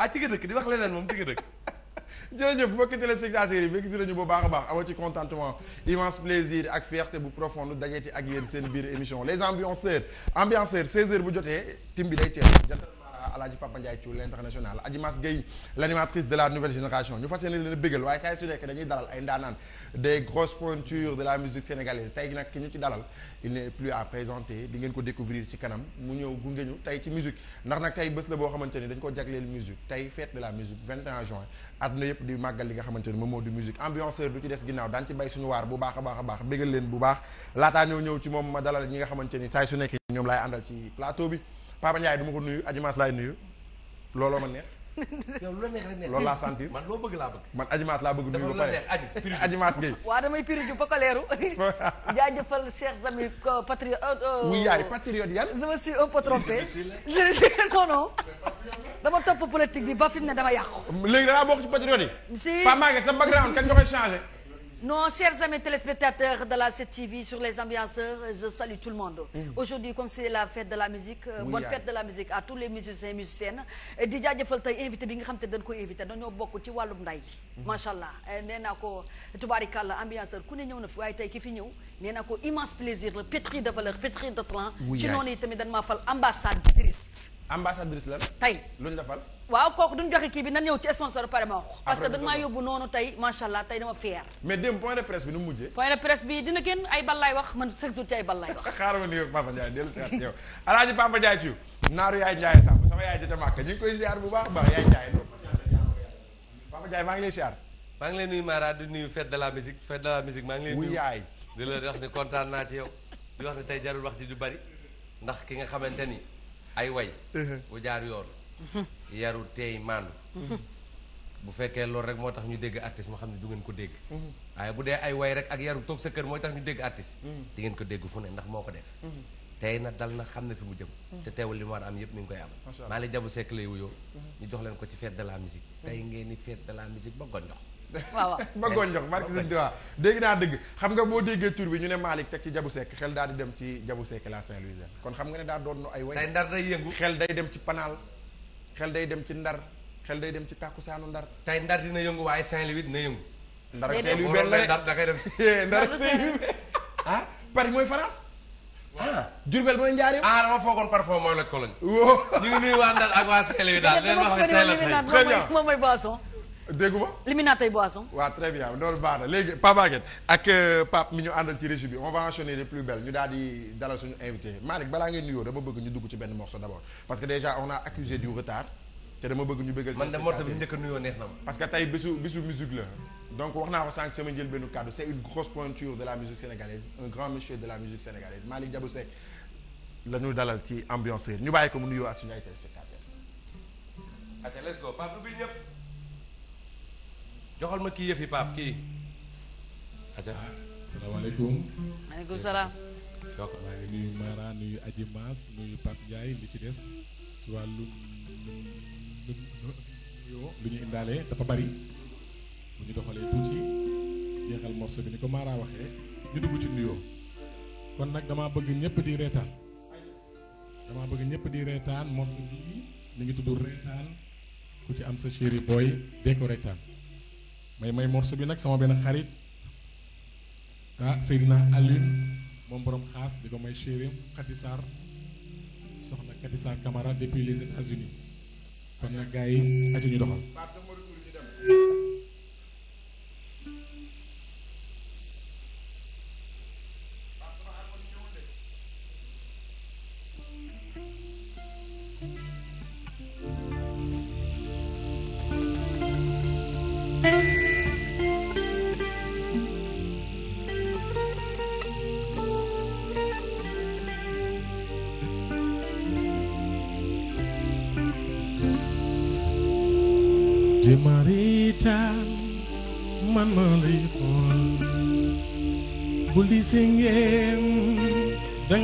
ah ci nga dëkk di wax leneen moom ci nga dëkk. jërëjëf mbokki téléspectateurs yi békk si nañu bu baax a baax ama ci contentement immense plaisir ak fierté bu profonde dajeeti ak yéen seen biir émission les ambianceurs ambianceurs 16 heures bu jotee tim bi day teel alaaji Papa Ndiaye Thiou l'international Adji Mass Gueye l'animatrice de la nouvelle génération ñu fas yéene leen bégal waaye saa su nekk dañuy dalal ay ndaanaan des grosses pointures de la musique sénégalaise tey nag ki ñu ci dalal il n'est plus à présenter di ngeen ko découvrir ci kanam mu ñëw gunge ñu tey ci musique ndax nag tey bés la boo xamante dañ ko jagleel musique tey fête de la musique juin àdduna yëpp di màggal li nga xamante ni moom du a a baax bégal leen bu baax laataa ñëw Papa Ndiaye du ma ko nuyu Adjumass laay nuyu looloo ma neex. yow lu la neex laa sentir man loo bëgg laa bëgg. man Adjumass laa bëgg nuyu ba pare Adjumass Gueye. waaw damay piri ju ba ko leeru. jaajëfal chers amis euh, patriote. Euh, oui yaay patriote yan. je me suis un peu trompé. non dama topp politique bi ba fi mu ne dama yàqu. léegi da ngaa bokk ci patriote yi. si Paa Maguette sa background kañ nga koy non chers amis téléspectateurs de la 7TV sur les ambianceurs je salue tout le monde. Mm. aujourd'hui comme c'est la fête de la musique. Euh, oui, bonne fête de la musique à tous les musiciens musiciennes. di jaajëfal tey invité bi nga xam te dañ koy invité dañoo bokk ci wàllum nday. macha mm-hmm. allah eh, nee naa ko tubaarikàlla ambianceur ku ne ñëw na fi waaye tey ki fi ñëw nee naa ko immense plaisir la pétri de valeur pétri de talent. ci noonu yi tamit dañ maa ambassadrice la tey luñ la fal waaw kooku duñ joxe kii bi nan ñëw ci sponsor pare ma wax parce que dañ maa yóbbu noonu tey macha allah tey dama fier mais démb point de presse bi nu mu mujjee point de presse bi dina kenn ay ballaay wax man chaque jour ci ay ballaay wax xaaral ma ni koy ziar bu baax baax yaay Ndiaye Papa Ndiaye maa ngi lay ziar maa ngi leen nuyu Mara di nuyu fête de la musique fête de la musique maa ngi lay nuyu yaay kontaan naa ci yow di wax tey jarul wax ji du bari ndax ki nga xamante ni ay way bu jaar yoon yaru teey maan bu fekkee loolu rek moo tax ñu dégg artiste ma xam ne du ngeen ko dégg waaye bu dee ay way rek ak yaru toog sa kër mooy tax ñu dégg artiste di ngeen ko dégg fu ne ndax moo ko def tey na dal na xam na fi mu jëm te teewul li mu war am yépp mi ngi koy am maa li jabu sekk lay wuyoo ñu jox leen ko ci fête de la musique tey ngeen ni fête de la musique ba gonjox waaw waaw ma eh, gonjox barki sëñ Tuubaa dégg naa dëgg xam nga boo déggee tur bi ñu ne Malick teg ci Jabu Seck xel daal di dem ci Jabu Seck laa Saint-Louis kon xam nga ne daal doon ay way tey ndar day yëngu xel day dem ci panaal xel day dem ci ndar xel day dem ci tàkkusaanu ndar tey ndar dina yëngu waaye Saint-Louis na yëngu ndar ak Saint-Louis benn la ndar da koy dem ndar ak Saint-Louis ah Paris mooy France ah Diourbel mooy njaareem. Ah, waa Ndar ak waa Saint-Louis daal. léegi wax dëgg yàlla tey moom mooy déggu ma. liminateur boisson. waaw très bien loolu baax na léegi Pape Maguette ak euh, Pape mi ñu àndal ci régie bi on va enchaîner les plus belles ñu daal dalal suñu invité Malick balaa ngeen nuyoo dama bëgg ñu dugg ci benn morceau d'abord parce que déjà on a accusé du retard te dama bëgg ñu bëggal. man de morceau bi njëkk a nuyoo neex na ma. parce que tey bisu bisu musique la donc wax naa ko sànq sama njël benn kàddu c'est une grosse pointure de la musique sénégalaise un grand monsieur joxal ma kii yëfi paap kii aja salaamaaleykum maaleykum salaam donc Mara nuyu Adji Mass nuyu Pape Ndiaye li ci des ci wàllu lu ñu indaale dafa bari bu ñu doxalee tuuti jeexal morceau bi ni ko Mara waxee ñu dugg ci nuyoo kon nag dama bëgg ñëpp di reetaan dama bëgg ñëpp di reetaan morceau bi mi ngi tudd reetaan ku ci am sa chéri booy dee ko reetaan may may morceau bi nag sama benn xarit ah na Alioune moom borom xaas di ko may chérim Khady Sarr soxna Khady depuis les États-Unis kon nag gars yi aca ñu doxal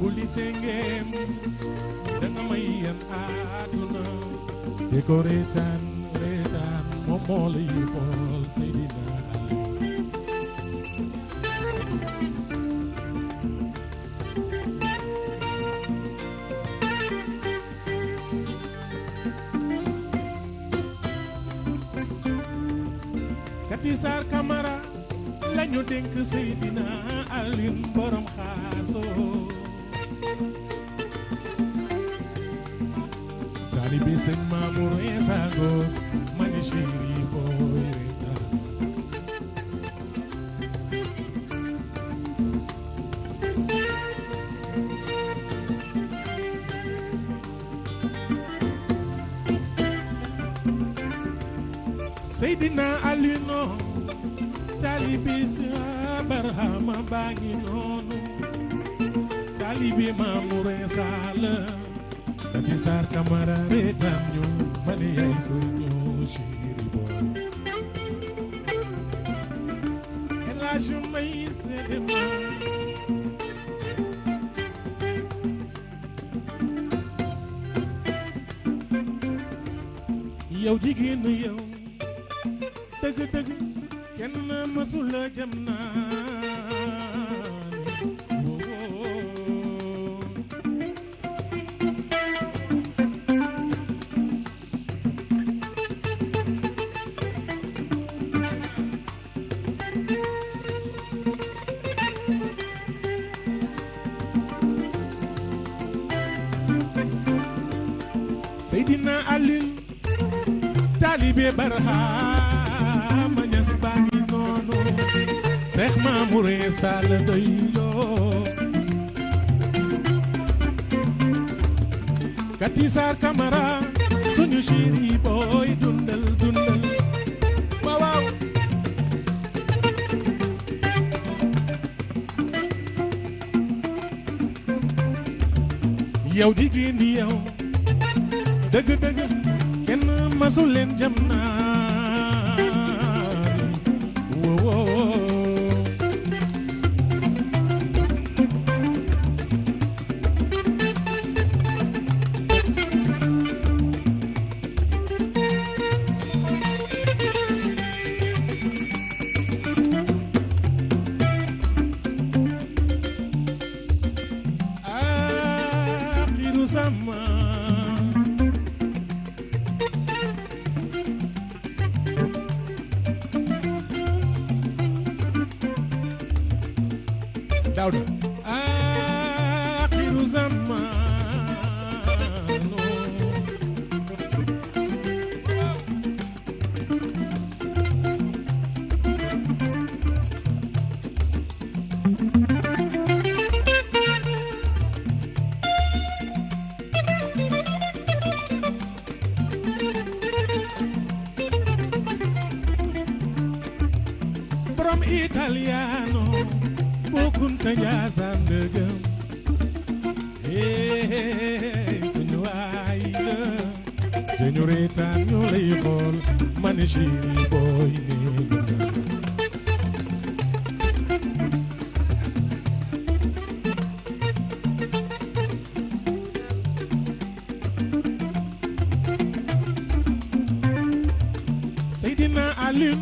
bu lisee ngeen da nga may yan àdduna di ko reetaan reetaan moom moo lay xool Seydina Ali Kati Sarr Camara lañu dénk Seydina Alioune borom xaaso taalibe sëñ Mamour Insa Ngor mani chéri boo wéreta Seydina Ali no taalibe si Barhama baa ngi noonu taalibe Mamour Insa la Adji Sarr Camara reetaan ñu ma ne yaay suñu chéri boy El Hadj May seede ma yow jigéen yow dëgg dëgg kenn mësula jam naa ma Ñas baa ngi noonu Seex Maamur Isaa la doyloo Kati Saar Kamara suñu chéri booy dundal dundal waaw waaw di yow dëgg dëgg masu leen jam naa Alin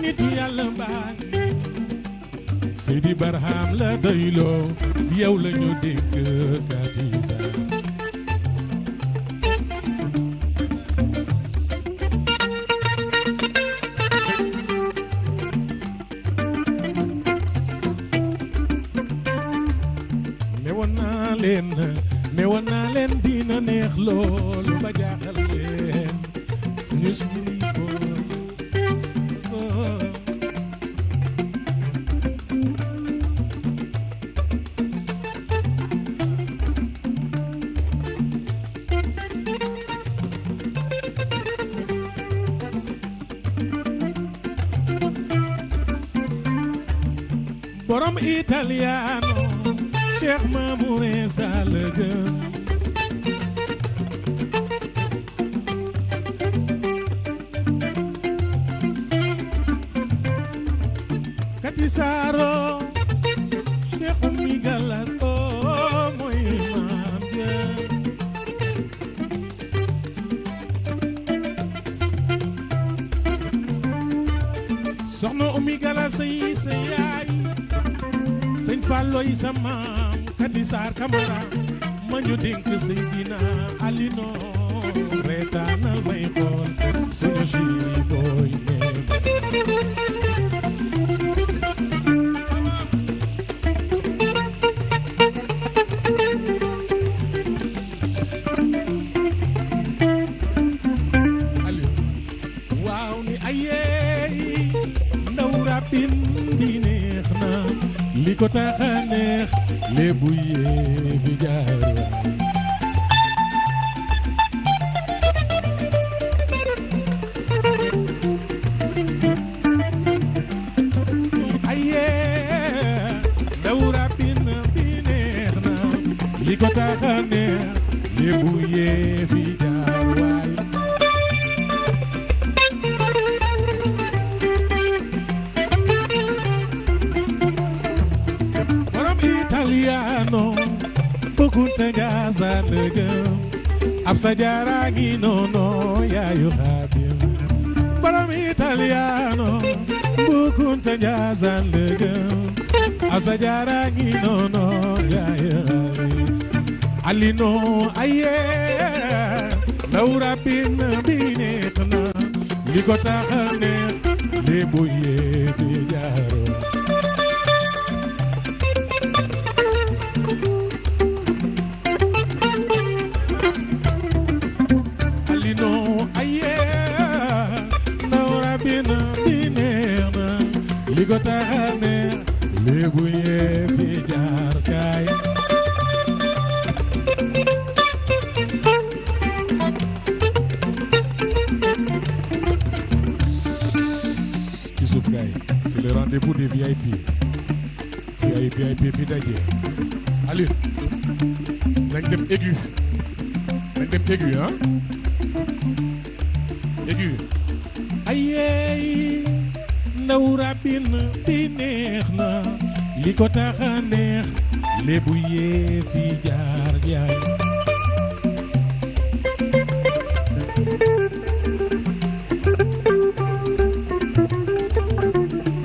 nitu yàlla baa la doyloo yow la ñu dégg kaati soxna umi gala sey sey yaay sëñ Fallo yi sa maam kati saar kamara ma ñu dénk Seydina Alino reetaanal may xool suñu juri booy Mariano Pokunta Gaza Negam Absa Jaragi no no ya yu Hadim Baram Italiano Pokunta Gaza Negam Absa Jaragi no no ya yu Hadim Alino aye Laura bin binetna Ligota ne Leboye bi jaro gu yee fi jaar kaay ci suuf le rendez-vous VIP VIP VIP fi daje Aliou nañ dem aigu nañ dem aigu ah aigu ayeey ndaw rabin bi na li ko tax a neex lébu yee fi jaar jaay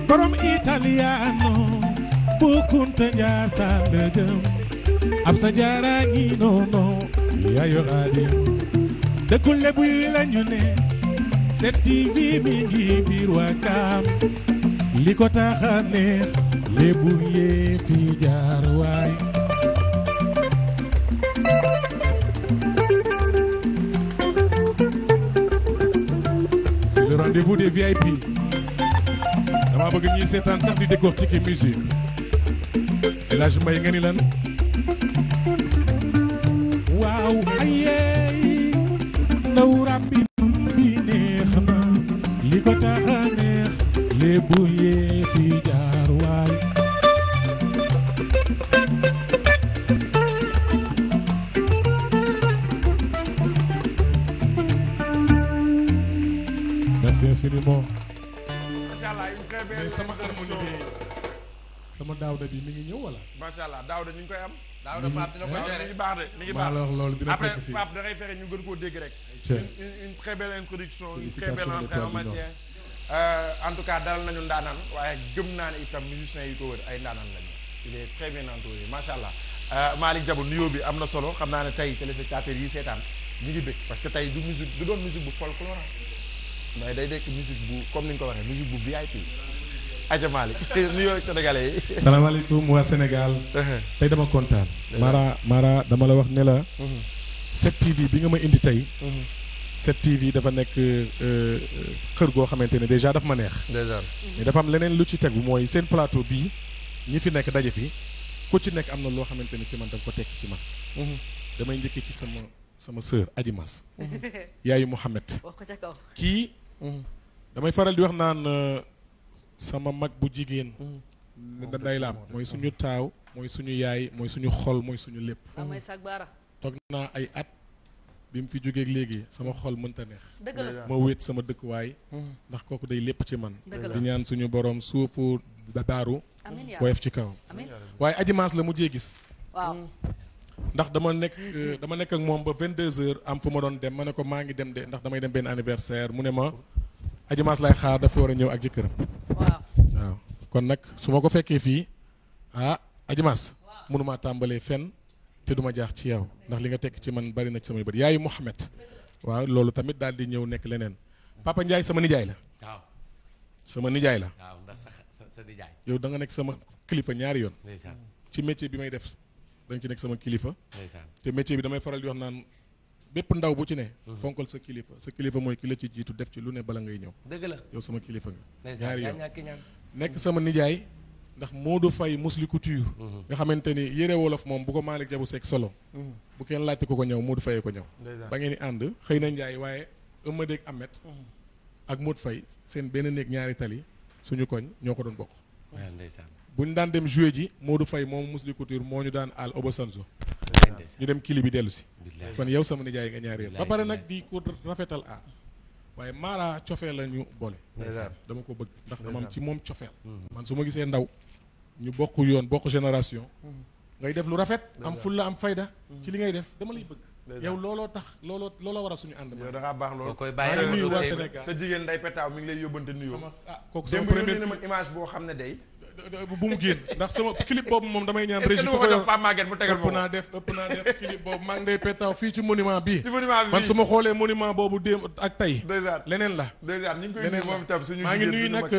borom italiano bu kunta njaasaan la jëm ab sa jaara ngi noonu yaayu xaadim dëkkul lébu yi lañu ne 7TV mi ngi biir Wakaam li ko tax neex lébu yee fi jaar waay rendez-vous des VIP dama bëgg ñuy seetaan sax di décortiquer musique El Hadj Mbaye nga lan daawda ngi ñëw wala. macha allah daawda ñu koy am. daawda Pape dina ko géré mi ngi baax de mi ngi baax. alors loolu dina fekk si après Pape da ngay fexe ñu gën koo dégg rek. une une très belle introduction. une très belle entrée en matière. Euh, en tout cas dalal nañu ndaanaan waaye gëm naa ne itam musiciens yi ko wër ay ndaanaan lañu. il est très bien entouré allah euh, Malick Diabou nuyoo bi am na solo xam naa ne tey téléspectateurs yi seetaan ñu ngi bëgg parce que tey du musique du doon musique bu folklore mais day dekk musique bu comme ni nga ko waxee musique bu VIP Adja Malick nuyoo ak sénégalais yi. salaamaaleykum waa Sénégal. Uh-huh. tey dama kontaan. Uh-huh. Mara Mara dama la wax nela la. 7TV uh-huh. bi nga ma indi tey. 7TV dafa nekk euh, euh, kër goo xamante ne dèjà dafa ma neex. dèjà mais dafa am leneen lu ci tegu mooy seen plateau bii ñi fi nekk daje fi ku ci nekk am na loo xamante ne ci man da ko tekk ci man. damay njëkkee ci sama sama sœur Adji Mass. yaayu Mouhamed. kii. damay faral di wax naan. Euh, sama mag bu jigéen mm. da day laam mooy suñu taaw mooy suñu yaay mooy suñu xol mooy suñu lépp toog naa ay at bi mu fi jógeek léegi sama xol mënta neex ma wéet sama dëkkuwaay mm. ndax kooku day lépp ci man di ñaan suñu borom suufu daaru woyof ci kaw waaye Adji Mass la jee gis ndax dama nekk euh, dama nekk moom ba 22h am fu ma doon dem ma ne ko maa ngi dem de ndax damay dem benn anniversaire mu ne ma Adji Mass lay xaar dafa war a ñëw ak jëkkëram kon nag su ma ko fekkee fii ah ajimaas mënumaa tàmbalee fenn te duma jaax ci yow ndax li nga tekk ci man bari na ci samay bët yaayu Mouhamed waaw loolu tamit daal di ñëw nekk leneen papa njaay sama nijaay la. waaw sama nijaay la. waaw ndax yow da nekk sama kilifa ñaari yoon. ci métier bi may def da nga ci nekk sama kilifa. te métier bi damay faral di naan. bépp ndaw bu ci ne. Mhm. fonkal sa kilifa sa kilifa mooy ki ci jiitu def ci lu ne bala ngay ñëw. dëgg yow sama kilifa nga. ñaari yow nekk sama nijaay. ndax Modou fay Mousli Couture. Mhm. nga xamante ni yére wolof moom bu ko Malick Diabou Seck solo. Mhm. bu kenn laajte ko ko ñëw Modou fayee ko ñëw. ba ngeen di ànd xëy na Ndiaye waaye Eumadé ak Ahmed. ak Modou Faye seen benn néeg ñaari tali suñu koñ ñoo ko doon bokk. bu ñu daan dem joué ji moo du Modou moo moom Mousli Couture moo ñu daan àll Obasanjo ñu dem kili bi dellu si kon yow sama nijaay nga ñaari yoon ba pare nag di ko rafetal aar waaye Mara cofeel la ñu boole dama ko bëgg ndax dama am ci moom cofeel mm-hmm. man su ma gisee ndaw ñu bokk yoon bokk génération mm-hmm. ngay def lu rafet am fulla am fayda ci li ngay def dama lay bëgg yow looloo tax looloo looloo waral suñu ànd. yow da ngaa baax loolu koy bàyyi nuyu waa Sénégal sa jigéen nday petaaw mi ngi lay yóbbante nuyoo. sama ah kooku sama boo xam ne day. bu mu génn ndax ma clip boobu moom damay ñaan régie ko yor ëpp naa def ëpp naa def clip boobu maa ngi day pétaw fii ci monument bii man su ma xoolee monument boobu démb ak tey leneen la leneen la maa ngi nuyu nag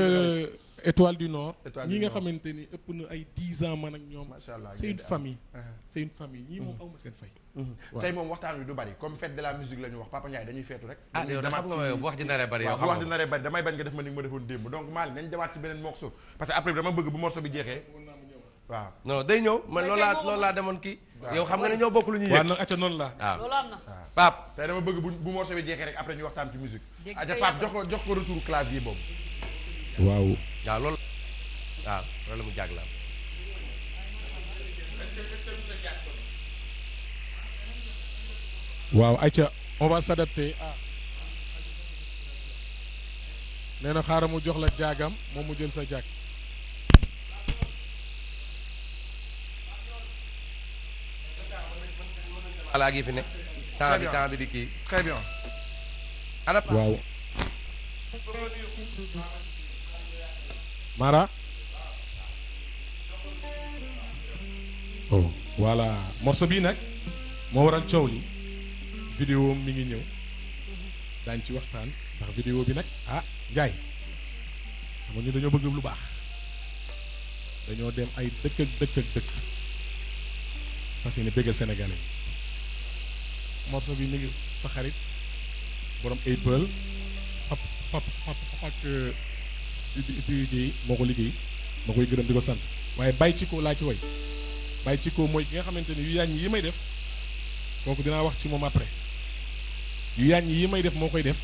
étoile du nord ñi nga xamante ni ëpp na ay dix ans man ak ñoom c'est famille ah. c'est famille ñii moom awma seen fay mhm. tey moom waxtaan wi du bari wax Papa Ndiaye dañuy bu ah, wax ji naree bari yow bu wax ji naree bari damay bañ nga def ma ni ma defoon démb donc Mali nañ demaat ci beneen morceau parce que après dama bëgg bu morceau bi jeexee waaw non day ñëw man loolu laa demoon kii yow xam nga ne ñoo bokk lu ñuy yëg ah. après ñu waxtaan ci musique acca Pape jox ko jox ko retour clavier boobu waaw waaw loolu waaw loolu mu xaaral mu jox la jaagam moom mu jël sa jaag fi waaw Mara oh voilà morceau bii nag moo waral coow li vidéo mi ngi ñëw daañ ci waxtaan ndax vidéo bi nag ah njaay xam nga dañoo bëgg lu baax dañoo dem ay dëkk ak dëkk dëkk parce que ni bëggal sénégalais morceau bi mi ngi sa xarit borom Apple pap pap pap ak UPUD yi moo ko liggéey moo koy gërëm di ko sant waaye bàyyi ci ko laa ci way bàyyi ci ko mooy ki nga xamante ni yu yàññ yi may def kooku dinaa wax ci moom après yu yàññ yi may def moo koy def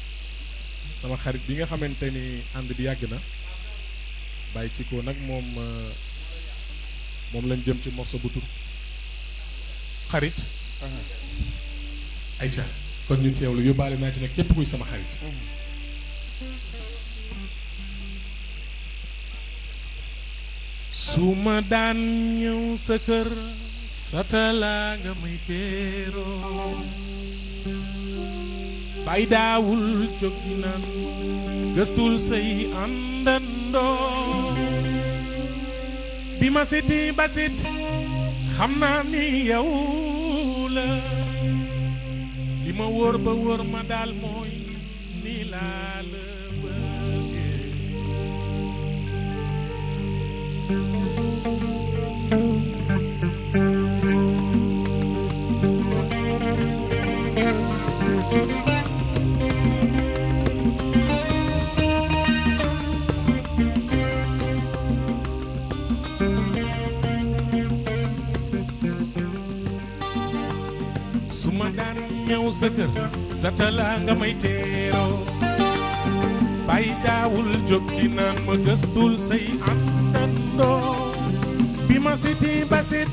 sama xarit bi nga xamante ni ànd bi yàgg na bàyyi ci ko nag moom euh, moom lañ jëm ci morso bu xarit xarit uh-huh. ayca kon ñu teewlu yóbbaale naa ci nag képp kuy sama xarit uh-huh. su ma daan ñëw sa kër satalaa nga may teeroo bay daawul jóg di gëstul say àndandoo bi ma siti ba sit xam naa ni yow la li ma wóor ba wóor ma daal mooy nii laa meew sa kër sa talaa nga may teeroo bàyyi daawul jóg di naan ma gëstul say àndandoo bi ma siti basit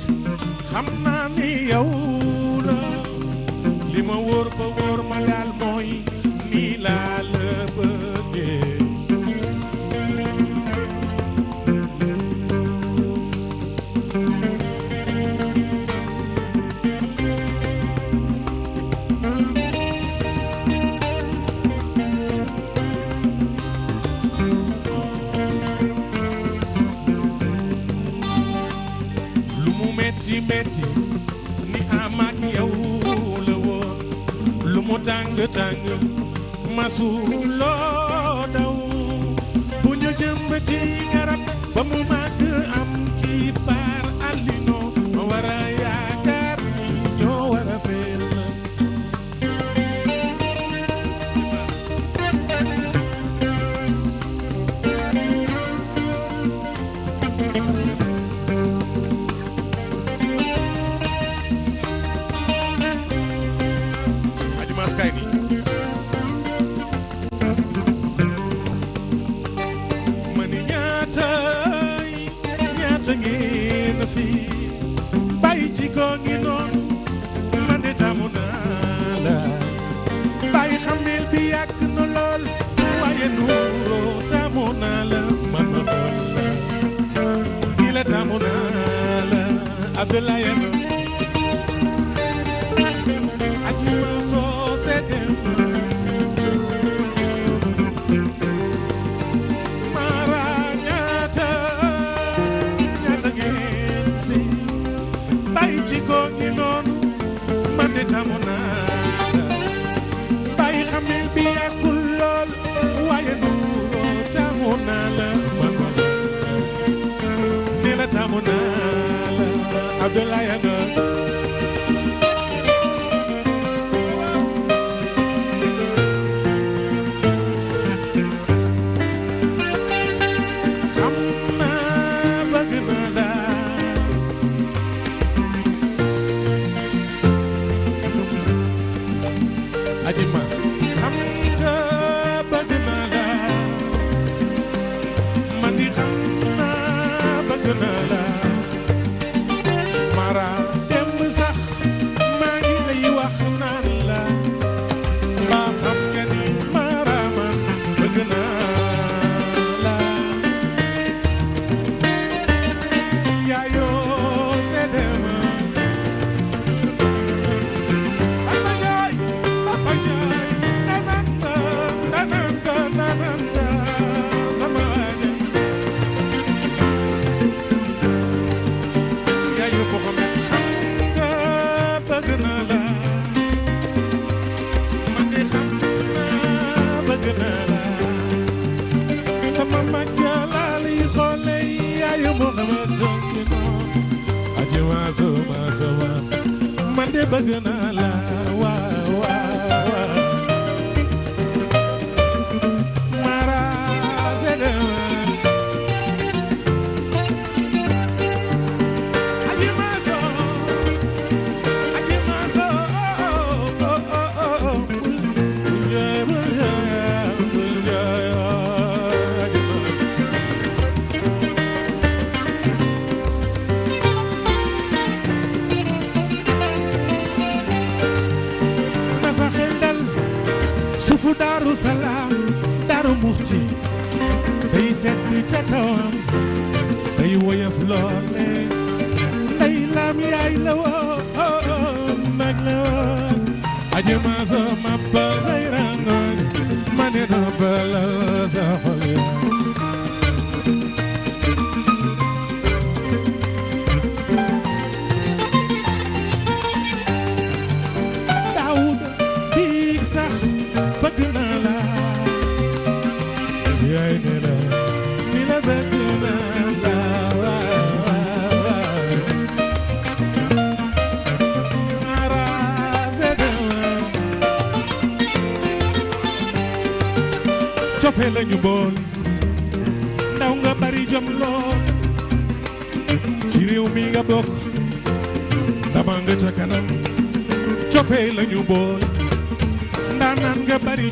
xam naa ni la li ma wóor ba wóor ma daal metti ni am ak lu mu tàng tàng masu loo bu ñu jëmbati tamoon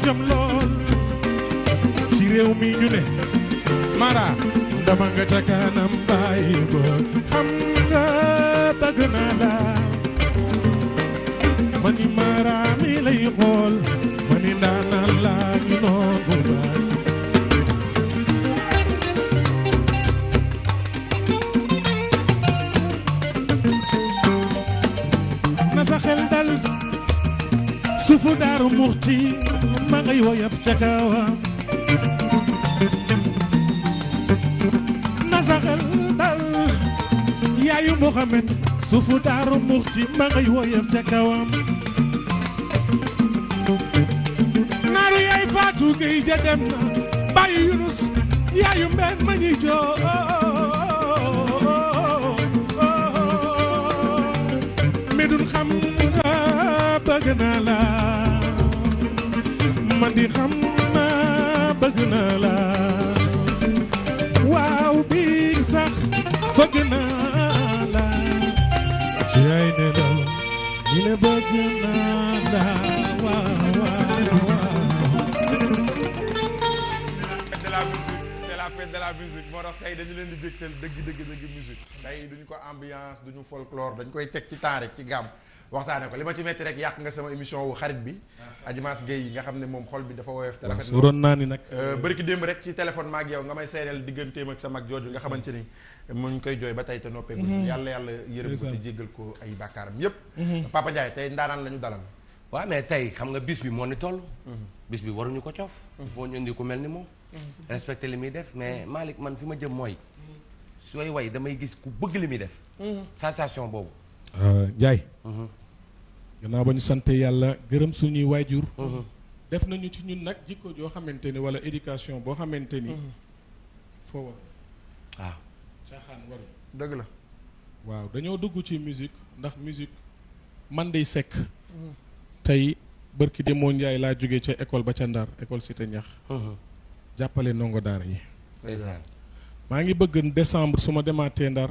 jëm lool ci réew mi ñu ne mara dama nga ca kanam bàyyi ba xam jakawa nasaxal dal yaayu Muhammad ja dem na bàyyi Yunus yaayu mbeen ma ñuy joo medun xam bëgg naa la man di xam naa bëgg naa la waaw biig sax fëgg naa la ci ne la ñu ne la waaw waaw tey dañu leen di bégteel dëgg dëgg dëgg musique tey duñu ko ambiance duñu folklore dañ koy teg ci taarix ci gàmm waxtaane ko li ma ci metti rek yàq nga sama émission wu xarit bi Adjimass Gueye nga xam ne moom xol bi dafa woyof te rafet waroon naa ni nag euh, euh, bëriki démb rek ci téléphone maag yow nga may seereel digganteem ak sa mag jooju nga xamante ni mu ngi koy jooy ba tey te noppee mhm. yàlla yàlla yërëm ko te jéggal ko ay bàkkaaram yépp mhm. Papa Ndiaye tey ndaanaan bi moo ni toll mhm. bis bi ko coof il faut ñu indi Mm-hmm. respecté li mi def mais mm-hmm. Malick man fi ma jëm mooy sooy way damay gis ku bëgg li muy def mm-hmm. sensation boobu euh, Ndiaye gannaaw ba ñu sant yàlla gërëm suñuy waajur def nañu ci ñun nag jikko joo xamante ni wala éducation boo xamante ni foo ah. war waaw caaxaan waru dëgg la waaw dañoo dugg ci musique ndax musique man day sekk tey bërki demoo Ndiaye laa jóge ca école ba ca Ndar école Cité Ñax jàppale ndongo daara yi. maa ngi bëgg décembre su ma demaatee ndar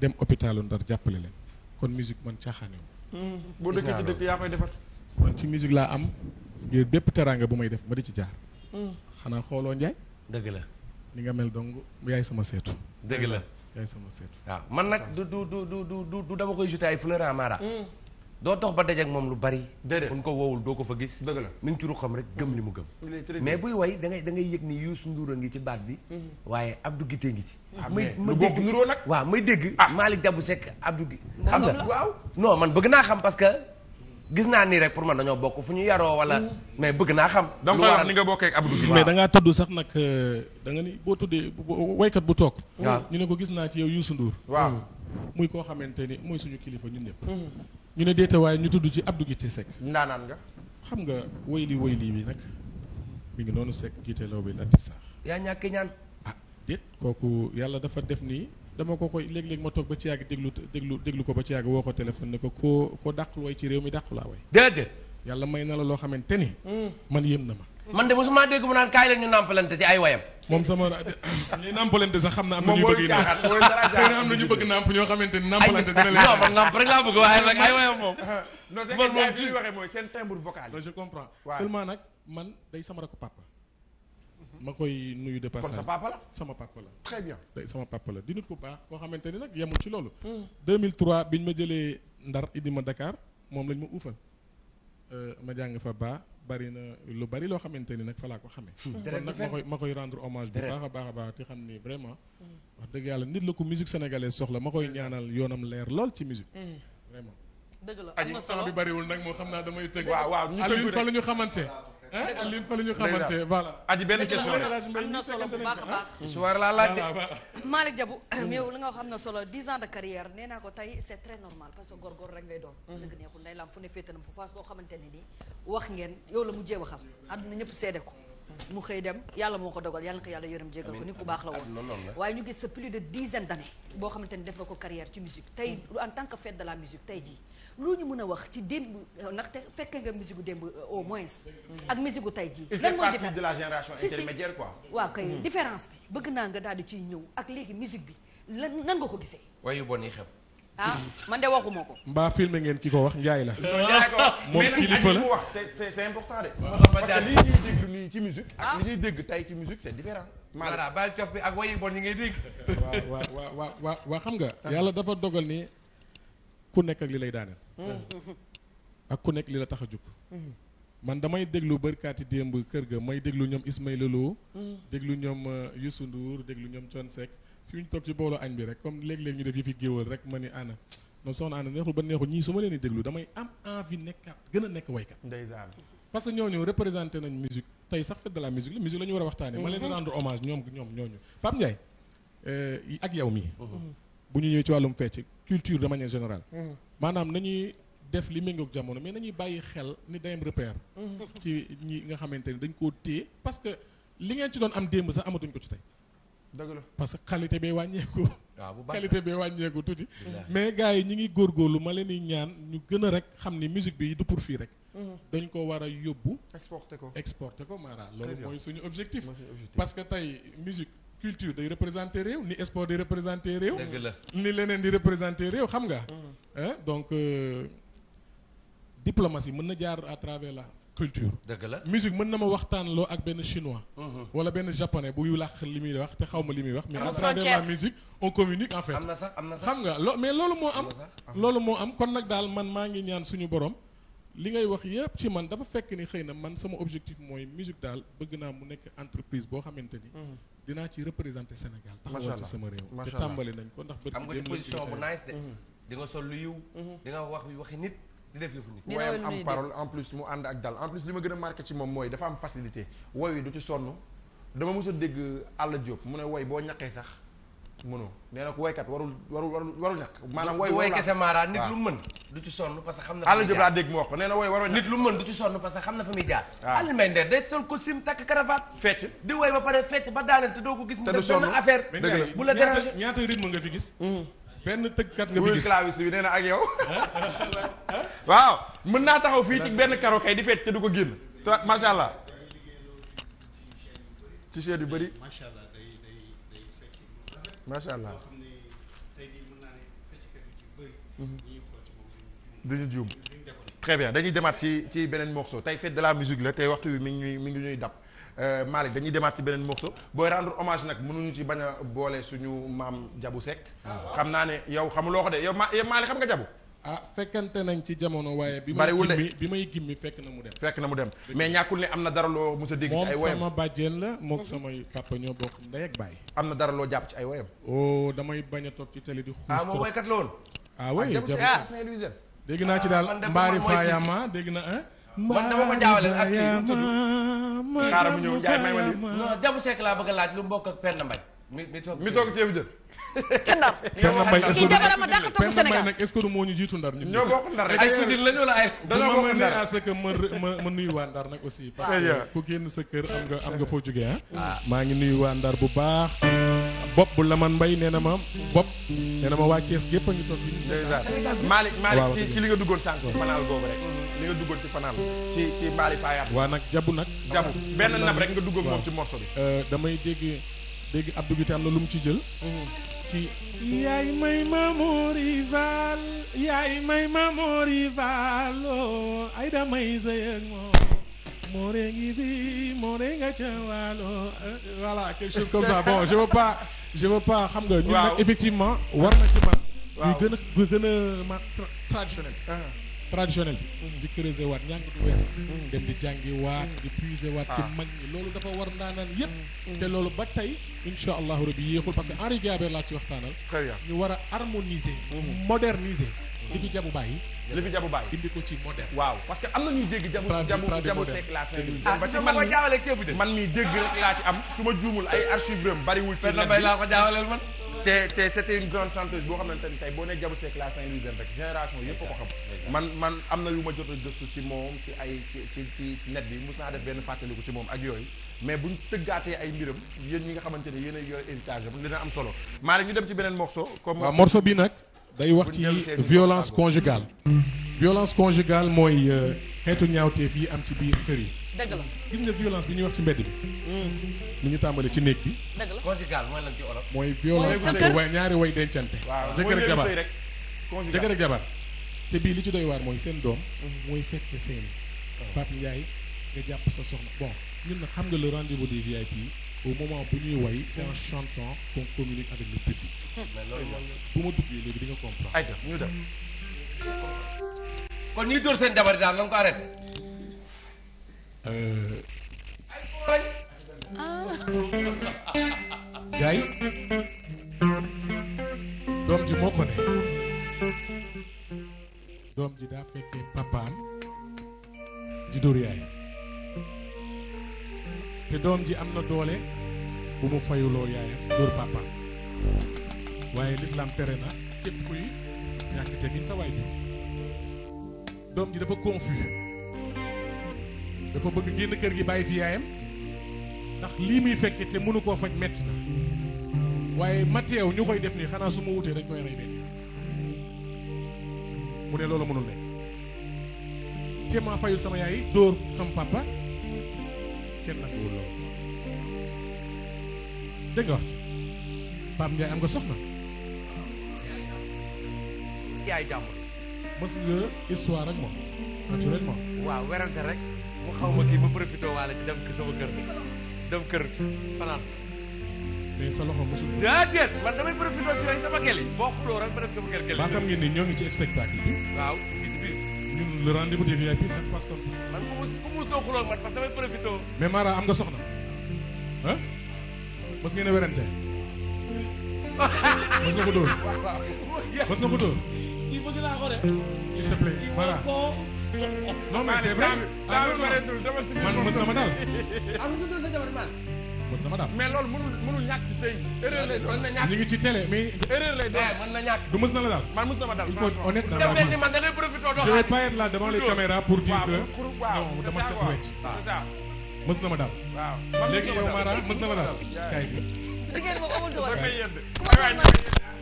dem hôpitalu ndar jàppale leen kon musique man caaxaanewu hmm. boo dëkk ci dëkk yaa koy defar. man ci musique laa am ngir bépp teraanga bu may def ma di ci jaar. Hmm. xanaa xooloo Ndiaye. dëgg la. ni nga mel dong yaay sama seetu. dëgg la yaay sama seetu. waaw man nag du du du du du dama koy jeter ay fleurs à doo tox ba dajeek moom lu bari. déedéet buñ ko woowul doo ko fa gis. dëgg la mi ngi ci ruxam rek gëm li mu gëm. mais buy way da ngay da ngay yëg ni Youssou Ndour ngi ci baat bi. Mm-hmm. waaye Abdou Guité ngi ci. Ah, may ma dégg nuroo nag. waaw may dégg. ah Malick Diabou Seck Abdou Guité. xam nga waaw. non man bëgg naa xam parce que gis naa nii rek pour man dañoo bokk fu ñu yaroo wala. Mm-hmm. mais bëgg naa xam. lu waral nga bokkee ak mais da ngaa tudd sax nag euh, da nga ni boo tuddee waykat bu toog. waaw ñu ne ko gis naa ci yow Youssou Ndour. waaw muy koo xamante ni mooy suñu kilifa ñu ñëpp mm-hmm. ñu ne déeta waaye ñu tudd ci Abdou Guité Seck. ndaanaan nga. xam nga woy woy wayli bi nag mu ngi noonu Seck Guité law bi latti sax. yaa ñàkk ñaan. ah déet kooku yàlla dafa def nii dama ko koy léeg-léeg ma toog ba ci yàgg déglu déglu déglu ko ba ci yàgg woo ko téléphone ne ko ko koo dàqul way ci réew mi dàqulaa way. déedéet. yàlla may na la loo xamante ni. Hmm. man yëm na ma. man de mosuma dégg mu naan kaay leen ñu nàmpalante ci ay wayam. moom sama ñi nàmpalante sax xam na am na ñu bëgg nàmp ñoo xamante ni nàmpalante dina leen. non nàmp rek laa bëgg waaye nag ay wayam moom. non c'est waxee mooy seen timbre vocal. non je comprends nag man day sama rakk papa. ma koy nuyu de passage kon sa sama papa la. très bien sama papa la di nit ku baax koo xamante ni nag yemul ci loolu. 2003 hmm. biñ ma jëlee Ndar indi ma Dakar moom lañ ma uufal. Euh, ma jàng fa baa bari na lu bari loo xamante ni nag fa laa ko xamee. Hmm. kon nag ma koy ma koy rendre hommage bu baax a baax a baax te xam ni vraiment. Hmm. dëgg yàlla nit la ko musique sénégalaise soxla ma koy ñaanal yoonam leer lool ci musique hmm. vraiment. dëgg bi bariwul nag moo xam naa damay tëgg. waaw waaw ñu fa la xamante. Alioune fa la xamante voilà. aji ah, benn question am na solo bu baax a baax. soir laa laaj de. Malick nga xam ne solo 10 ans de carrière nee ko tey c'est très normal parce que góorgóor rek ngay doon. Mm-hmm. dëgg neexul nday laam fu ne féetanam fu faas koo xamante ne nii wax ngeen yow la mujjee waxam àdduna ñëpp seede ko. mu xëy dem yàlla moo ko dogal yàlla na yàlla yërëm jéggal ko nit ku baax la woon waaye ñu gis sa plus de dizaine d'années boo xamante ni def nga de loo ñu mën a wax ci démb euh, ndaxte fekke nga musique gu démb euh, au moins. Mm-hmm. ak musique gu tey jii. lan mooy différence il de la génération intermédiaire quoi. waaw kay mm-hmm. différence bi bëgg naa nga daal di ciy ñëw ak léegi musique bi lan nan nga ko gisee. wayu bon yi xew. ah man de waxuma ko. mbaa filmé ngeen ci ko wax Ndiaye la. moom kilifa la wax c'est c'est important de. parce que li ñuy dégg nii ci musique ak ah. li ñuy dégg tey ci musique c'est différent. maanaam baal cof bi ak wayu bon yi ngay dégg. waaw waaw waaw waaw xam nga. Ah. yàlla dafa dogal ni ku nekk ak li lay daaneel. ak ku nekk li la tax a jug. man damay déglu bërkaati démb kër ga may déglu ñoom Ismaïla Lo. déglu ñoom euh, Youssou Ndour déglu ñoom Thione Seck fi ñu toog ci boolu añ bi rek comme léeg-léeg ñu def yi fi géwal rek ma ni ana non soxna ana neexul ba neexul ñii su ma leen di déglu damay am envie nekkaat gën a nekk waykat. ndeysaan parce que ñooñu représenté nañ musique tey sax fête la musique la la ñu war a waxtaanee. ma leen di mhm. rendre hommage ñoom ñoom ñooñu Pape Ndiaye euh, ak yow mii. Mhm. bu ñu ñëwee ci wàllum fecc culture de manière générale. Mm-hmm. maanaam nañuy def li méngoog jamono mais nañuy bàyyi xel ni dayam repère. Mm-hmm. ci ñi nga xamante ni dañ koo téye parce que li ngeen ci doon am démb sax amatuñ ko ci tey. dëgg parce que qualité bee wàññeeku. qualité bee wàññeeku tuuti. mais gars yi ñu ngi góor góorgóorlu ma leen di ñaan ñu gën a rek xam ni musique bi du pour fii rek. Mm-hmm. dañ ko war a yóbbu. exporté ko exporté ko Mara loolu mooy suñu objectif. parce que tey musique culture day représenter réew ni sport di représenter réew. dëgg la ni leneen di représenter réew xam nga. Mm-hmm. donc euh, diplomatie mën na jaar à travers la culture. dëgg la musique mën na ma waxtaanloo ak benn chinois. Mm-hmm. wala benn japonais buy làq li muy wax te xaw ma li muy wax. mais à travers la musique on communique en fait. am na sax am na xam nga loo mais loolu moo am. loolu moo am kon nag daal man maa ngi ñaan suñu borom. li ngay wax yëpp ci man dafa fekk ni xëy na man sama objectif mooy musique daal bëgg naa mu nekk entreprise boo xamante ni. Mhm. dinaa ci représenter Sénégal. taxawal ci sama réew. te tàmbali nañ ko ndax. bët bi démb la ci xam nga position bu nice de. Mhm. di sol lu yiw. Mhm. di nga wax waxi nit. di def yëfu nit. woyam am parole en plus mu ànd ak dal en plus li ma gën a marqué ci moom mooy dafa am facilité. woy wi du ci sonn dama mos dégg Alla Diop mu ne woy boo ñaqee sax. mënoo nee na ku waykat warul warul warul warul ñàkk maanaam way way kese maara nit lu mën du ci sonn parce que xam na fa muy jaar dégg mu wax ko nee na way warul nit lu mën du ci sonn parce que xam na fa muy jaar Alioune Mbaye Nder day sol costume takk cravate fecc di way ba pare fecc ba daaneel te doo ko gis mu def benn affaire bu la déranger ñaata nga fi gis hmm. benn tëggkat nga fi gis clavis bi nee na ak yow waaw mën naa taxaw fii ci benn karo kay di fecc te du ko génn macha allah ci seet yu bëri macha macha allah loo xam ne tey mhm. bien dañuy demaat ci ci beneen morceau tey fête de la musique la tey waxtu wi mi ngi ñuy mi ngi ñuy dab euh, Malick dañuy demaat ci beneen morceau booy rendre omage nag mënuñu ci bañ a boole suñu maam Diabou Seck. Ah, xam naa ne yow xamuloo ko de yow ma yow xam nga Diabou. ah fekkante nañ ci jamono waaye. bi may gimmi bi may gimmi fekk na mu dem. fekk na mu dem mais ñàkkul ne am na dara loo mos a dégg. ci ay woyam moom la mook samay papa ñoo bokk ndey ak am na dara loo jàpp ci ay woyam. Oh, damay bañ a toog ci télé di. xuus ah, trop la woon. ah oui ah, jabu si ah, dégg naa ci daal mbaari ma dégg na ah. man dama ko jaawale ak kii nu mu ma nii. non laa bëgg laaj lu mu bokk ak Penda Mbaye. mi mi toog mi toog ca ndar kii jabarama nag est-ce moo ñu jiitu ndar ñun ñoo bokk ndar rek ma ma ma nuyu waa ndar nag aussi parce que ku génn sa kër am nga am foo jógee ah? ah. maa ngi nuyu waa ndar bu baax bopp bu laman mbay nee na ma bopp nee na ma gépp ñu Malick Malick ci li nga duggoon sànq fanaal boobu ci fanaal ci ci Mali Fayat waa nag jabu nag jabu benn nab rek nga duggoon moom ci morso bi euh, damay dégg dégg Abdou bi te am na lu mu ci jël mhm. ci yaay may ma morival yaay ay oh, da may sëy ak ngi bi moore nga ca waalo voilà quelque chose comme ça bon je veux pas je veux pas xam nga ñun nag effectivement war na ci man luy gën a gën ma traditionnel ah. traditionnel bi di creuser waat ñàng du wees dem di jàngi di puiser waat ci ah. mag ñi loolu dafa war ndaanaan yépp te loolu ba tey insha allahu rabi yéexul parce que Henri Gaber laa ci waxtaanal ñu war a harmoniser mhm. li fi jabu bàyyi li ko ci moderne waaw parce am na ñuy dégg jabu jabu jabu seek laa ba ci man jaawale ceebu de man mii dégg rek laa ci am su ma juumul ay archive rem bariwul ci laa ko jaawaleel man te te c'était une grande chanteuse boo xamante ni tey boo nee Diabou Seck la Saint-Louisienne rek génération yëpp ko xam man man am na yu ma jot a gëstu ci moom ci ay ci ci ci net bi mos naa def benn fàttaliku ci moom ak yooyu mais buñ tëggaatee ay mbiram yéen ñi nga xamante ne yéen a yor héritage am dina am solo Malick ñu dem ci beneen morceau comme morso bi nag day wax ci violence conjugale violence conjugale mooy euh, xeetu ñaawteef yi am ci biir kër yi. gis nga violence bi ñuy wax ci mbedd bi. Hmm. ni ñu tàmbali ci néeg bi. dëgg la conjugal mooy lan ci olof. ñaari way dencante. jëkkër ak jabar te bii li ci doy waar mooy seen doom. mooy fekke seen oh. Pape Ndiaye nga jàpp sa soxna bon ñun nag xam nga le rendez-vous des VIP au moment bu ñuy way c'est en chantant qu'on communique avec le public. bu ma duggee léegi di nga kon ñuy dóor seen jabar daal nañ ko arrêté. jaay euh, doom ji moo ko ne doom ji daa fekkee papaam di dóor yaay te doom ji am na doole bu mu fayuloo yaayam dóor papaam waaye lislaam tere na képp kuy ñàkk te miin sa waay bi doom ji dafa confus dafa bëgg génn kër gi bàyyi fi yaayam ndax lii muy fekke te mënu koo faj metti na waaye Matteew ñu koy def nii xanaa su ma wutee dañ koy rey benn mu ne loolu mënul nekk téemaa fayul sama yaay dóor sama papa kenn nanguwul loolu dégg nga am nga soxna mës nga histoire ak moom naturellement. waaw werante rek mu xaw ma kii ma profité waale ci dem sama kër dem kër fanaan. mais sa loxo mosul. déedéet man damay profité ci yooyu sama gel yi boo xuloo rek ma dem sama kër gel yi. ba xam ngeen ñoo ngi ci spectacle bi. waaw fii ci biir. ñun le rendez mus ku xuloo man parce damay profité. mais Mara am nga soxna ah ngeen a werante nga ko dóor nga ko bëgg naa ko de. s'il te plaît voilà non mais c'est vrai man mës na ma daal. ah mës nga dal sa jabar man. mës na ma daal. mais loolu mënul mënul ñàkk ci sëy. erreur lay doon ñu ngi eh, na ñàkk. du mës na la daal. mës na ma daal il faut honnête na daal man da ngay profité doo je vais pas être là devant les caméras pour mës na ma daal. mës na ma daal.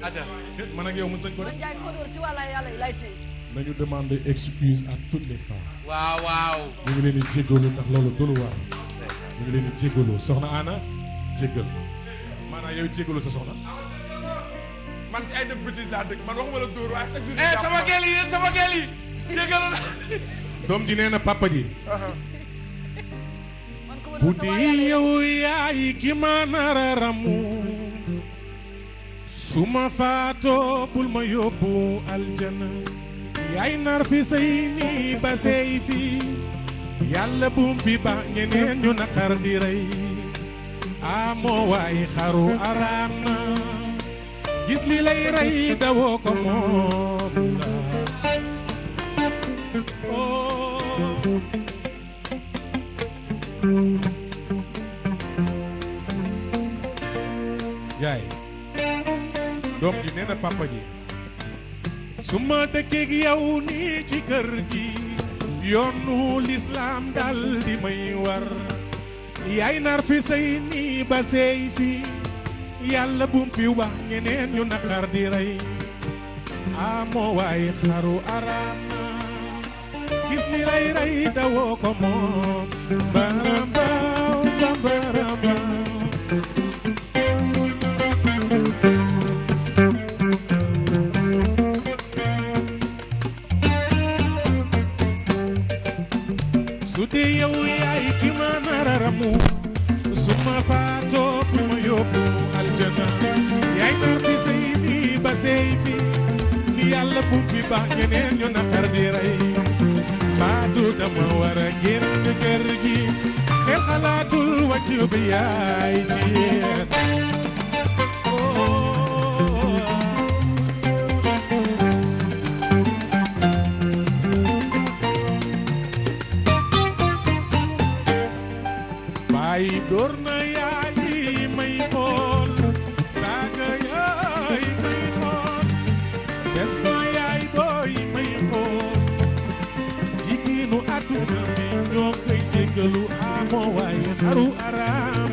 aja man ak yow mos nañ ko def. nañu demander excuse à toutes les femmes. waaw waaw. ñu ngi leen di jégalu loolu dul war ñu ngi leen di soxna Anna jégal maanaam sa soxna. man ci ay def bêtise laa dëkk eh, doom ji nee na papa bu dee yow yaay ki ma nar a ramu. su ma faatoo bul ma yóbbu aljana yaay nar fi sëy nii ba sëy fi yàlla buum fi ba ñeneen ñu naqar di rey amoo waay xaru araam na gis li lay rey dawoo ko moom la oh. yaay doom ji nee na papa ji su ma dëkkeeg yow nii ci kër gi yoonu lislaam dal di may war yaay nar fi sëy nii ba sëy fi yàlla wax ñeneen ñu naqar di rey amoo waay xaru araam gis ni lay rey dawoo ko moom baram baaw bu fi baax ñeneen ñu naqar di rey Maadu dama war a génn kër gi xel xalaatul wàcc bi yaay xaru araam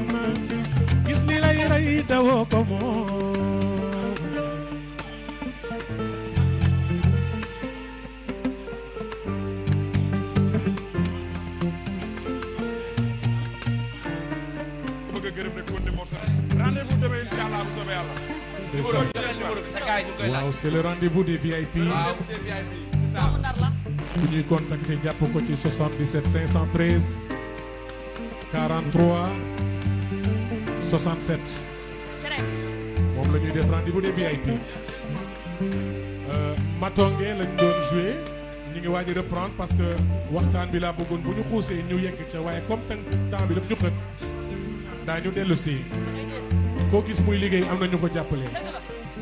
gis li lay rey dawoo ko moom bëgg a gërëm rek woon ne morso rendez-vous demain incha allah bu soobee yàlla waaw c'est le rendez-vous des VIP bu ñuy contacter jàpp ko ci 77 513 43 67. moom la ñuy def rendez-vous des VIP. Euh, Matonge lañ doon joué ñu ngi waaj a reprendre parce que waxtaan bi laa bëggoon bu ñu xuusee ñu yegg ca waaye comme temps bi daf ñu xët daañu dellusi koo gis muy liggéey am na ñu ko jàppale.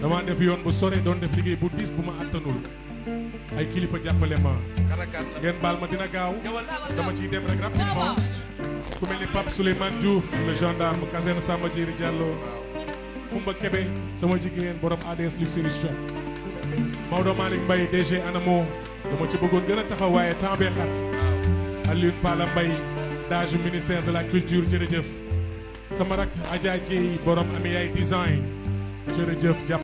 dama def yoon bu sore doon def liggéey bu diis bu ma attanul. ay kilifa jàppale ma. ngeen baal ma dina gaaw dama ciy dem rek rapidement. ku mel ni Pape Souleymane Diouf le gendarme caserne Samba Diéry Diallo Koumba sama jigéen borom ADS Luxury Shop Maodo Malick Mbaye DG Anamo dama ci bëggoon gën a taxaw waaye temps bee xat Alioune Pala ministère de la culture jërëjëf sama rak Adja Dieye borom Ami Yaay design jërëjëf jàpp